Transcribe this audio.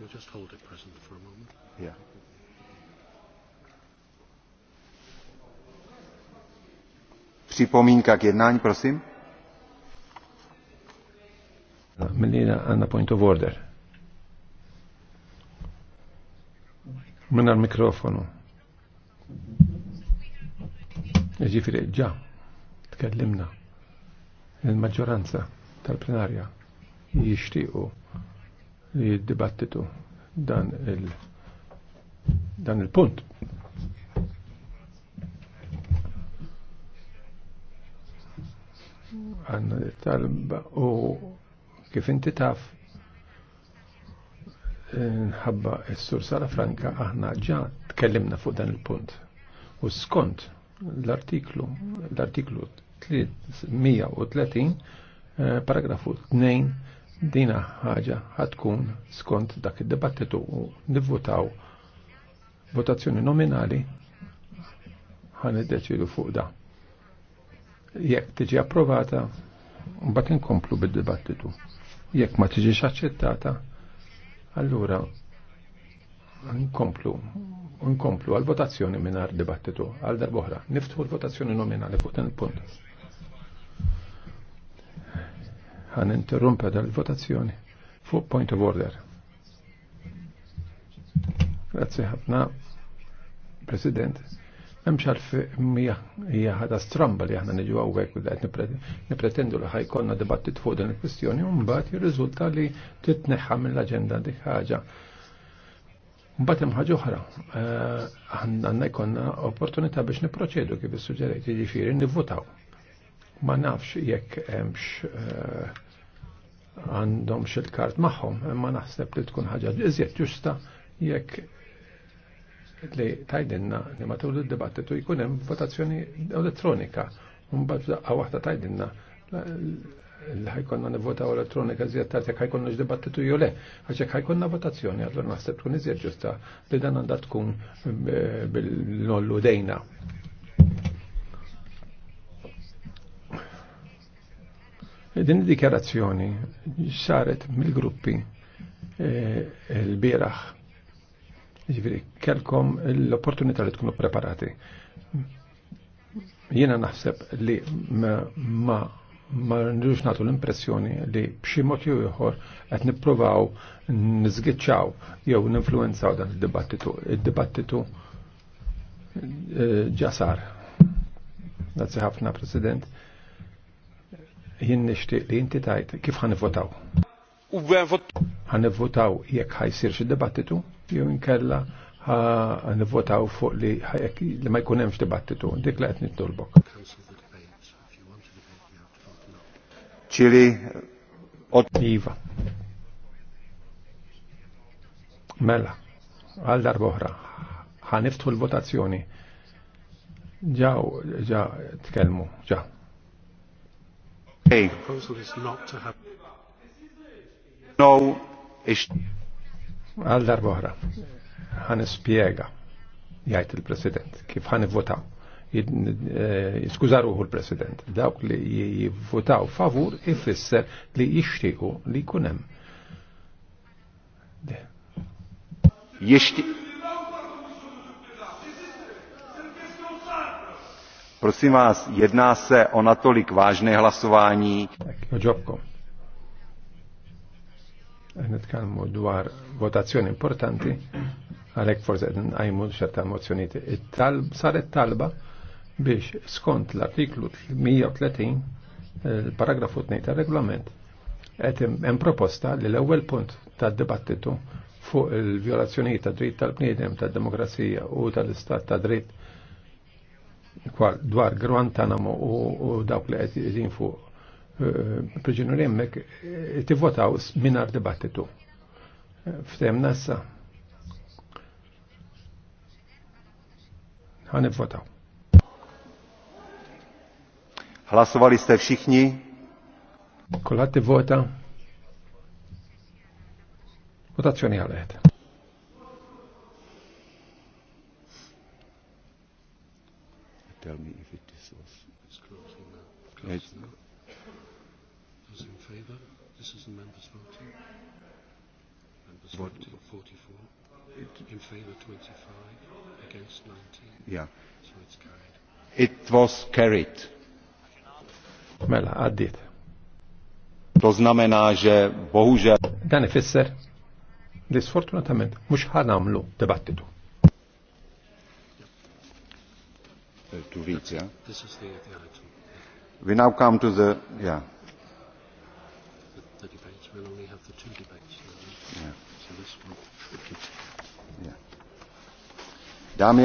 We'll just hold it present for a moment. Yeah. Připomínka k jednání, prosím. Ah, Melina, Anna, point of order. Minna l-mikrofonu. Ġifiri, ġa, tkellimna. Il-maġġoranza tal-plenarja jishtiqu li dibattitu dan il- dan il-punt. Għanna talba u kif inti taf nħabba s-sur Sara Franka aħna ġa tkellimna fuq dan il-punt. U skont l-artiklu, l-artiklu 130, eh, paragrafu 2 dina ħaġa ħatkun skont dak id-dibattitu u nivvotaw votazzjoni nominali ħan id fuq da. Jekk tiġi approvata, mbagħad inkomplu bid-dibattitu. Jekk ma tiġix aċċettata, allura nkomplu nkomplu għal votazzjoni mingħajr dibattitu għal darboħra. Niftħu l-votazzjoni nominali fuq dan il-punt. Għan interrumpa dal-votazzjoni fuq point of order. Grazie ħafna, President. Memx għalf mija ħada stramba li aħna nġu għawek u nipretendu li ħajkonna dibattit fuq din il-kwistjoni un bat jirriżulta li titneħħa mill-agenda dik ħaġa. Mbagħad hemm ħaġa oħra. Eh, għandna jkollna opportunità biex niproċedu kif issuġġerejt jiġifieri nivvutaw ma nafx jekk hemmx eh, għandhom xil kart magħhom, imma naħseb li tkun ħaġa iżjed ġusta jekk li tajdinna li matul d dibattitu jkun hemm votazzjoni elettronika. Mbagħad daqqa waħda tajdinna li ħajkonna nivvotaw elettronika iżjed tard jekk ħajkonna dibattitu jew le, għax jekk ħajkonna votazzjoni allura naħseb tkun iżjed ġusta li dan għandha tkun eh, bil-nollu dejna. E din id-dikjarazzjoni saret mill-gruppi e, l-bieraħ. Ġifiri, kelkom l-opportunità li tkunu preparati. Jiena naħseb li ma ma nrux natu l-impressjoni li b'xi mod jew ieħor qed nippruvaw nżgiċċaw jew ninfluwenzaw dan id-dibattitu. Id-dibattitu e, ġasar. Grazzi ħafna, President jien nixtieq li inti tajt kif ħanivvotaw. Ħanivvotaw jekk ħajsirx id dibattitu jew inkella votaw fuq li li ma jkun debattitu, dibattitu dik li qed tolbok Ċiri Iva. Mela, għal darba uħra, ħaniftħu l-votazzjoni. Ġaw, ġa, tkellmu, ġa. Hey. proposal is not to have no għal spiega il-president kif għan votaw jiskużaruhu eh, l-president dawk li jivvotaw favur ifisser li jixtiqu li kunem jixtiqu Prosím vás, jedná se o natolik vážné hlasování. Nitkellmu dwar votazzjoni importanti għalhekk forse qed nqajmu xerta mozzjonijiet. E saret talba biex skont l-artiklu 130 il-paragrafu eh, 2 ta' regolament qed hemm proposta li l-ewwel punt tad-dibattitu fuq il tal-bniedem tad-demokrazija u tal-istat ta' dritt tal-bniedem tad-demokrazija u tal-istat ta dritt dwar Guantanamo u dawk li qed fuq eh, priġunieri hemmhekk eh, tivvotaw mingħajr dibattitu. Eh, ftem nassa. Ħan votaw. Hlasovali ste všichni? Kulħadd ivvota. Votazzjoni għalet. tell me if it is was. It's closing now. Closing it's now. Those in favour? This is the members voting. Members What? voting 44. It, in favour 25. Against 19. Yeah. So it's carried. It was carried. Mela, għaddit. To znamena, že bohužel. Dan ifisser li sfortunatament mhux ħanamlu dibattitu. uh, too weak. Yeah? This is the, the item. We now come to the, yeah. The, the debates, we'll only have the two debates. Now. Yeah. So this one should be. Yeah. Dami